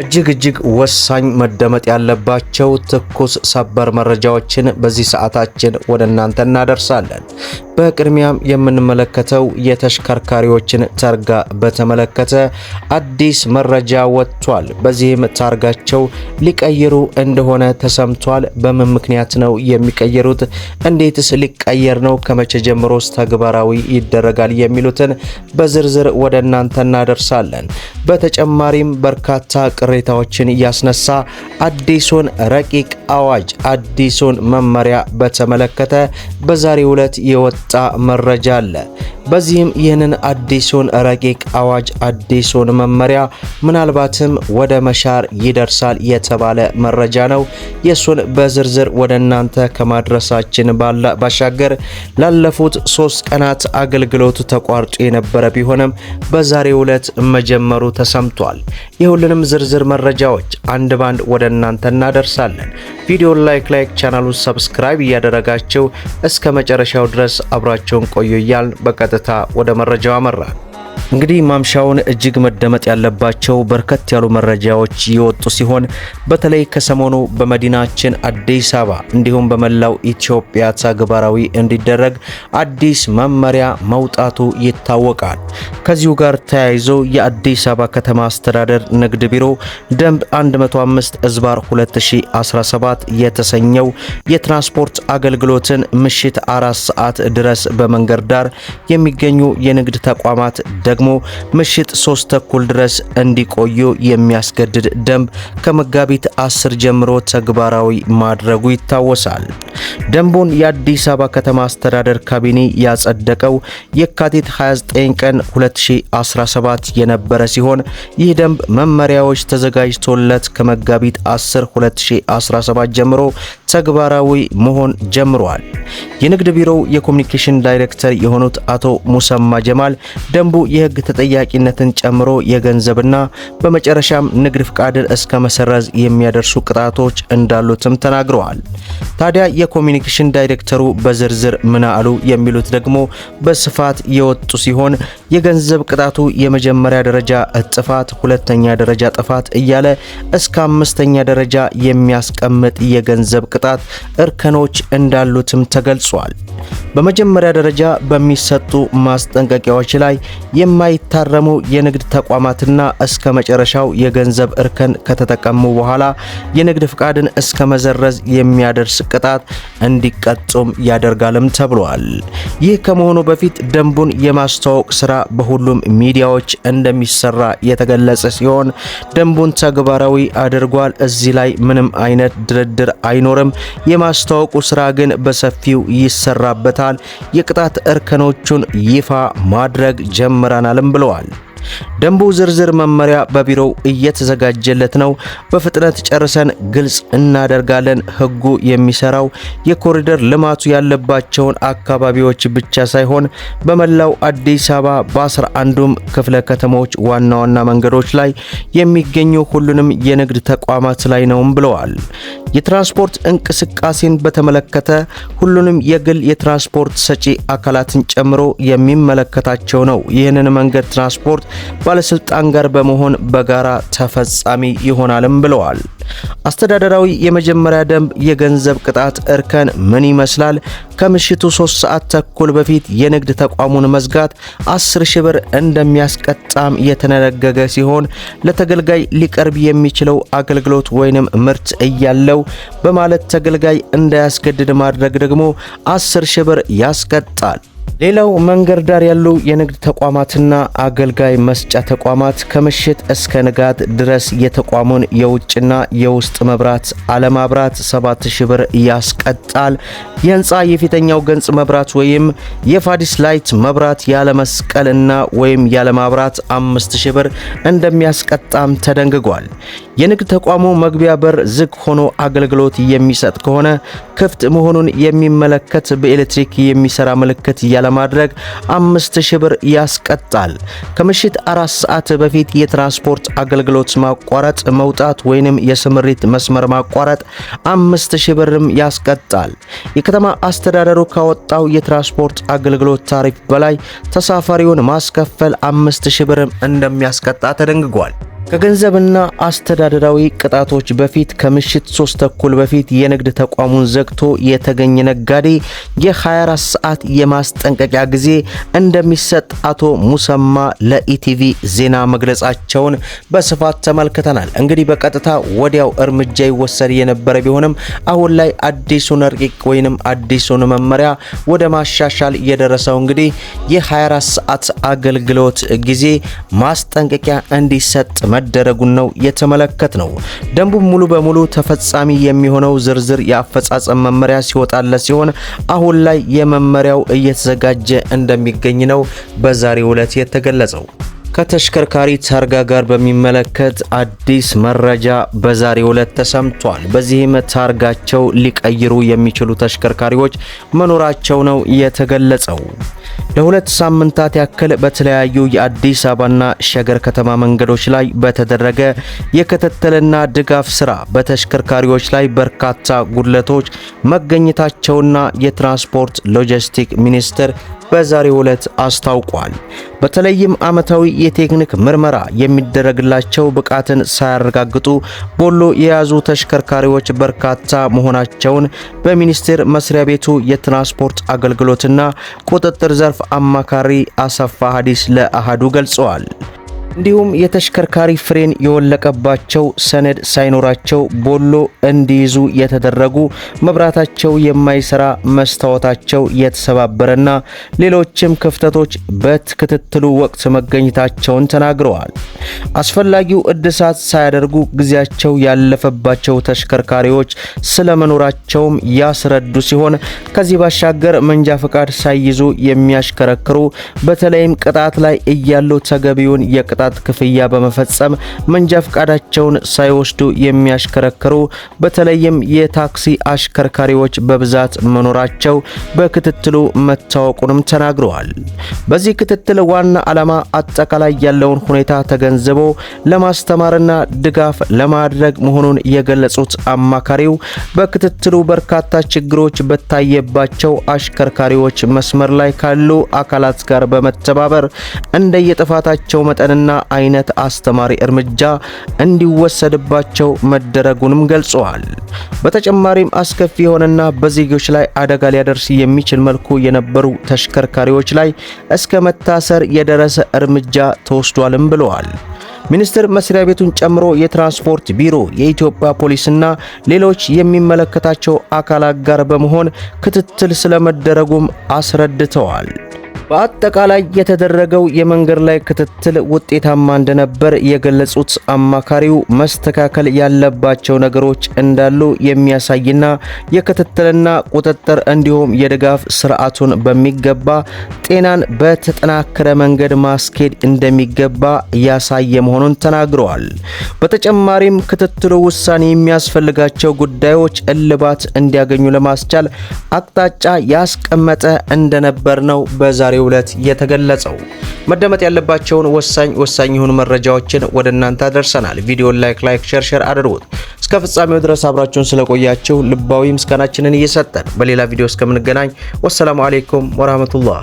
እጅግ እጅግ ወሳኝ መደመጥ ያለባቸው ትኩስ ሰበር መረጃዎችን በዚህ ሰዓታችን ወደ እናንተ እናደርሳለን። በቅድሚያም የምንመለከተው የተሽከርካሪዎችን ታርጋ በተመለከተ አዲስ መረጃ ወጥቷል። በዚህም ታርጋቸው ሊቀይሩ እንደሆነ ተሰምቷል። በምን ምክንያት ነው የሚቀየሩት? እንዴትስ ሊቀየር ነው? ከመቼ ጀምሮስ ተግባራዊ ይደረጋል? የሚሉትን በዝርዝር ወደ እናንተ እናደርሳለን። በተጨማሪም በርካታ ቅሬታዎችን እያስነሳ አዲሱን ረቂቅ አዋጅ አዲሱን መመሪያ በተመለከተ በዛሬው ዕለት የወጣ መረጃ አለ። በዚህም ይህንን አዲሱን ረቂቅ አዋጅ አዲሱን መመሪያ ምናልባትም ወደ መሻር ይደርሳል የተባለ መረጃ ነው። የእሱን በዝርዝር ወደ እናንተ ከማድረሳችን ባሻገር ላለፉት ሶስት ቀናት አገልግሎቱ ተቋርጦ የነበረ ቢሆንም በዛሬው ዕለት መጀመሩ ተሰምቷል። የሁሉንም ዝርዝር መረጃዎች አንድ ባንድ ወደ እናንተ እናደርሳለን። ቪዲዮን ላይክ ላይክ ቻናሉን ሰብስክራይብ እያደረጋችሁ እስከ መጨረሻው ድረስ አብራቸውን ቆዩ እያልን በቀ ቀጥታ ወደ መረጃው አመራል። እንግዲህ ማምሻውን እጅግ መደመጥ ያለባቸው በርከት ያሉ መረጃዎች የወጡ ሲሆን በተለይ ከሰሞኑ በመዲናችን አዲስ አበባ እንዲሁም በመላው ኢትዮጵያ ተግባራዊ እንዲደረግ አዲስ መመሪያ መውጣቱ ይታወቃል። ከዚሁ ጋር ተያይዞ የአዲስ አበባ ከተማ አስተዳደር ንግድ ቢሮ ደንብ 105 እዝባር 2017 የተሰኘው የትራንስፖርት አገልግሎትን ምሽት አራት ሰዓት ድረስ በመንገድ ዳር የሚገኙ የንግድ ተቋማት ደግሞ ምሽት ሶስት ተኩል ድረስ እንዲቆዩ የሚያስገድድ ደንብ ከመጋቢት አስር ጀምሮ ተግባራዊ ማድረጉ ይታወሳል። ደንቡን የአዲስ አበባ ከተማ አስተዳደር ካቢኔ ያጸደቀው የካቲት 29 ቀን 2017 የነበረ ሲሆን ይህ ደንብ መመሪያዎች ተዘጋጅቶለት ከመጋቢት 10 2017 ጀምሮ ተግባራዊ መሆን ጀምሯል። የንግድ ቢሮው የኮሚኒኬሽን ዳይሬክተር የሆኑት አቶ ሙሰማ ጀማል ደንቡ የህግ ተጠያቂነትን ጨምሮ የገንዘብና በመጨረሻም ንግድ ፍቃድን እስከ መሰረዝ የሚያደርሱ ቅጣቶች እንዳሉትም ተናግረዋል። ታዲያ የኮሚኒኬሽን ዳይሬክተሩ በዝርዝር ምን አሉ የሚሉት ደግሞ በስፋት የወጡ ሲሆን የገንዘብ ቅጣቱ የመጀመሪያ ደረጃ ጥፋት፣ ሁለተኛ ደረጃ ጥፋት እያለ እስከ አምስተኛ ደረጃ የሚያስቀምጥ የገንዘብ ቅጣት እርከኖች እንዳሉትም ተገልጿል። በመጀመሪያ ደረጃ በሚሰጡ ማስጠንቀቂያዎች ላይ የማይታረሙ የንግድ ተቋማትና እስከ መጨረሻው የገንዘብ እርከን ከተጠቀሙ በኋላ የንግድ ፍቃድን እስከ መዘረዝ የሚያደርስ ቅጣት እንዲቀጡም ያደርጋልም ተብሏል። ይህ ከመሆኑ በፊት ደንቡን የማስተዋወቅ ስራ በሁሉም ሚዲያዎች እንደሚሰራ የተገለጸ ሲሆን ደንቡን ተግባራዊ አድርጓል። እዚህ ላይ ምንም አይነት ድርድር አይኖርም። የማስተዋወቁ ስራ ግን በሰፊው ይሰራል። ይሰራበታል፣ የቅጣት እርከኖቹን ይፋ ማድረግ ጀምረናልም ብለዋል። ደንቡ ዝርዝር መመሪያ በቢሮው እየተዘጋጀለት ነው። በፍጥነት ጨርሰን ግልጽ እናደርጋለን። ህጉ የሚሰራው የኮሪደር ልማቱ ያለባቸውን አካባቢዎች ብቻ ሳይሆን በመላው አዲስ አበባ በ11ዱም ክፍለ ከተሞች ዋና ዋና መንገዶች ላይ የሚገኙ ሁሉንም የንግድ ተቋማት ላይ ነውም ብለዋል። የትራንስፖርት እንቅስቃሴን በተመለከተ ሁሉንም የግል የትራንስፖርት ሰጪ አካላትን ጨምሮ የሚመለከታቸው ነው። ይህንን መንገድ ትራንስፖርት ባለስልጣን ጋር በመሆን በጋራ ተፈጻሚ ይሆናልም ብለዋል። አስተዳደራዊ የመጀመሪያ ደንብ የገንዘብ ቅጣት እርከን ምን ይመስላል? ከምሽቱ 3 ሰዓት ተኩል በፊት የንግድ ተቋሙን መዝጋት 10 ሺህ ብር እንደሚያስቀጣም የተነገገ ሲሆን ለተገልጋይ ሊቀርብ የሚችለው አገልግሎት ወይንም ምርት እያለው በማለት ተገልጋይ እንዳያስገድድ ማድረግ ደግሞ 10 ሺህ ብር ያስቀጣል። ሌላው መንገድ ዳር ያሉ የንግድ ተቋማትና አገልጋይ መስጫ ተቋማት ከምሽት እስከ ንጋት ድረስ የተቋሙን የውጭና የውስጥ መብራት አለማብራት 7000 ብር ያስቀጣል። የህንፃ የፊተኛው ገጽ መብራት ወይም የፋዲስ ላይት መብራት ያለ መስቀልና ወይም ያለ ማብራት 5000 ብር እንደሚያስቀጣም ተደንግጓል። የንግድ ተቋሙ መግቢያ በር ዝግ ሆኖ አገልግሎት የሚሰጥ ከሆነ ክፍት መሆኑን የሚመለከት በኤሌክትሪክ የሚሰራ ምልክት ያለማድረግ 5000 ብር ያስቀጣል። ከምሽት 4 ሰዓት በፊት የትራንስፖርት አገልግሎት ማቋረጥ፣ መውጣት ወይንም የስምሪት መስመር ማቋረጥ 5000 ብርም ያስቀጣል። ከተማ አስተዳደሩ ካወጣው የትራንስፖርት አገልግሎት ታሪፍ በላይ ተሳፋሪውን ማስከፈል አምስት ሺህ ብርም እንደሚያስቀጣ ተደንግጓል። ከገንዘብና አስተዳደራዊ ቅጣቶች በፊት ከምሽት ሶስት ተኩል በፊት የንግድ ተቋሙን ዘግቶ የተገኘ ነጋዴ የ24 ሰዓት የማስጠንቀቂያ ጊዜ እንደሚሰጥ አቶ ሙሰማ ለኢቲቪ ዜና መግለጻቸውን በስፋት ተመልክተናል። እንግዲህ በቀጥታ ወዲያው እርምጃ ይወሰድ የነበረ ቢሆንም አሁን ላይ አዲሱን ረቂቅ ወይንም አዲሱን መመሪያ ወደ ማሻሻል የደረሰው እንግዲህ የ24 ሰዓት አገልግሎት ጊዜ ማስጠንቀቂያ እንዲሰጥ መደረጉን ነው የተመለከት ነው። ደንቡ ሙሉ በሙሉ ተፈጻሚ የሚሆነው ዝርዝር የአፈጻጸም መመሪያ ሲወጣለ ሲሆን አሁን ላይ የመመሪያው እየተዘጋጀ እንደሚገኝ ነው በዛሬው ዕለት የተገለጸው። ከተሽከርካሪ ታርጋ ጋር በሚመለከት አዲስ መረጃ በዛሬው ዕለት ተሰምቷል። በዚህም ታርጋቸው ሊቀይሩ የሚችሉ ተሽከርካሪዎች መኖራቸው ነው የተገለጸው። ለሁለት ሳምንታት ያክል በተለያዩ የአዲስ አበባና ሸገር ከተማ መንገዶች ላይ በተደረገ የክትትልና ድጋፍ ስራ በተሽከርካሪዎች ላይ በርካታ ጉድለቶች መገኘታቸውና የትራንስፖርት ሎጂስቲክ ሚኒስቴር በዛሬው ዕለት አስታውቋል። በተለይም ዓመታዊ የቴክኒክ ምርመራ የሚደረግላቸው ብቃትን ሳያረጋግጡ ቦሎ የያዙ ተሽከርካሪዎች በርካታ መሆናቸውን በሚኒስቴር መስሪያ ቤቱ የትራንስፖርት አገልግሎትና ቁጥጥር ዘርፍ አማካሪ አሰፋ ሀዲስ ለአሃዱ ገልጸዋል። እንዲሁም የተሽከርካሪ ፍሬን የወለቀባቸው ሰነድ ሳይኖራቸው ቦሎ እንዲይዙ የተደረጉ መብራታቸው የማይሰራ መስታወታቸው የተሰባበረና ሌሎችም ክፍተቶች በክትትሉ ወቅት መገኘታቸውን ተናግረዋል። አስፈላጊው እድሳት ሳያደርጉ ጊዜያቸው ያለፈባቸው ተሽከርካሪዎች ስለመኖራቸውም ያስረዱ ሲሆን ከዚህ ባሻገር መንጃ ፈቃድ ሳይይዙ የሚያሽከረክሩ በተለይም ቅጣት ላይ እያሉ ተገቢውን የቅጣት ቅጣት ክፍያ በመፈጸም መንጃ ፈቃዳቸውን ሳይወስዱ የሚያሽከረክሩ በተለይም የታክሲ አሽከርካሪዎች በብዛት መኖራቸው በክትትሉ መታወቁንም ተናግረዋል። በዚህ ክትትል ዋና ዓላማ አጠቃላይ ያለውን ሁኔታ ተገንዝቦ ለማስተማርና ድጋፍ ለማድረግ መሆኑን የገለጹት አማካሪው በክትትሉ በርካታ ችግሮች በታየባቸው አሽከርካሪዎች መስመር ላይ ካሉ አካላት ጋር በመተባበር እንደየጥፋታቸው መጠንና አይነት አስተማሪ እርምጃ እንዲወሰድባቸው መደረጉንም ገልጸዋል። በተጨማሪም አስከፊ የሆነና በዜጎች ላይ አደጋ ሊያደርስ የሚችል መልኩ የነበሩ ተሽከርካሪዎች ላይ እስከ መታሰር የደረሰ እርምጃ ተወስዷልም ብለዋል። ሚኒስቴር መስሪያ ቤቱን ጨምሮ የትራንስፖርት ቢሮ፣ የኢትዮጵያ ፖሊስና ሌሎች የሚመለከታቸው አካላት ጋር በመሆን ክትትል ስለመደረጉም አስረድተዋል። በአጠቃላይ የተደረገው የመንገድ ላይ ክትትል ውጤታማ እንደነበር የገለጹት አማካሪው መስተካከል ያለባቸው ነገሮች እንዳሉ የሚያሳይና የክትትልና ቁጥጥር እንዲሁም የድጋፍ ስርዓቱን በሚገባ ጤናን በተጠናከረ መንገድ ማስኬድ እንደሚገባ ያሳየ መሆኑን ተናግረዋል። በተጨማሪም ክትትሉ ውሳኔ የሚያስፈልጋቸው ጉዳዮች እልባት እንዲያገኙ ለማስቻል አቅጣጫ ያስቀመጠ እንደነበር ነው በዛሬው በዛሬው ዕለት የተገለጸው። መደመጥ ያለባቸውን ወሳኝ ወሳኝ የሆኑ መረጃዎችን ወደ እናንተ አደርሰናል። ቪዲዮን ላይክ ላይክ ሼር ሼር አድርጉት። እስከ ፍጻሜው ድረስ አብራችሁን ስለቆያችሁ ልባዊ ምስጋናችንን እየሰጠን በሌላ ቪዲዮ እስከምንገናኝ ወሰላሙ አሌይኩም ወራህመቱላህ